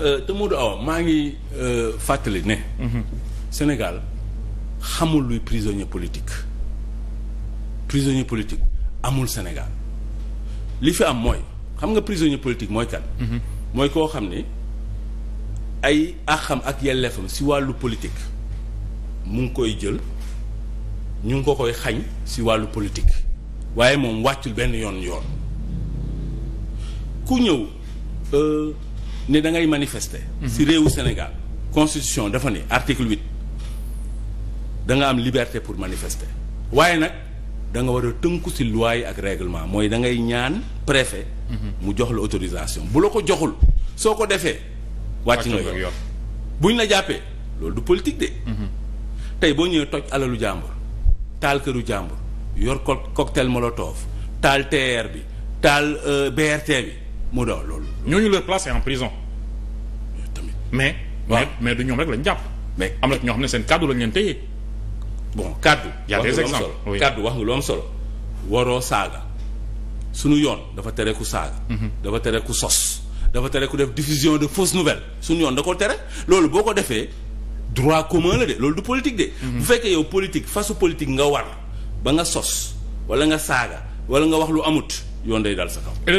Euh, te Modou maa ngi euh, fàttali ne. Mhm. Sénégal xamul luy prisonnier politique prisonnier politique amul Sénégal li fi am mooy xam nga prisonnier politique mooy kan. Mhm. mooy koo xam ni ay axam ak yelleefam si wàllu politique mu ngi koy jël ñu ngi ko koy xañ si wàllu politique waaye moom wàccul benn yoon yoon ku ñëw. Euh, ne da ngay manifester. si réewu Sénégal constitution dafa ne article huit da nga am liberté pour manifeste waaye nag da nga war a tënku si loi yi ak règlement mooy da ngay ñaan préfet. mu jox la autorisation bu la ko joxul soo ko defee. wàcc nga yoon buñ la jàppee loolu du politique de. Mhm. tey boo ñëwee toj alalu jàmbur taal këru jàmbur yor cocktail molotov taal TR bi taal euh, BRT bi. moo daaw loolu. ñooñu leur place est en prison. mais. mais mais du ñoom rek lañ jàpp. mais am na ñoo xam ne seen kàddu lañ leen téye. bon kàddu. y a des exemples kàddu wax nga lu am solo. waroo saaga. suñu yoon dafa tere ku saaga. Mhm. dafa tere ku sos. dafa tere ku def diffusion de fausses nouvelles suñu yoon da ko tere loolu boo ko defee droit commun la de loolu du politique de. Mhm. bu fekkee yow politique fasu politique nga war ba nga sos wala nga saaga wala nga wax lu amut yoon day dal sa kaw.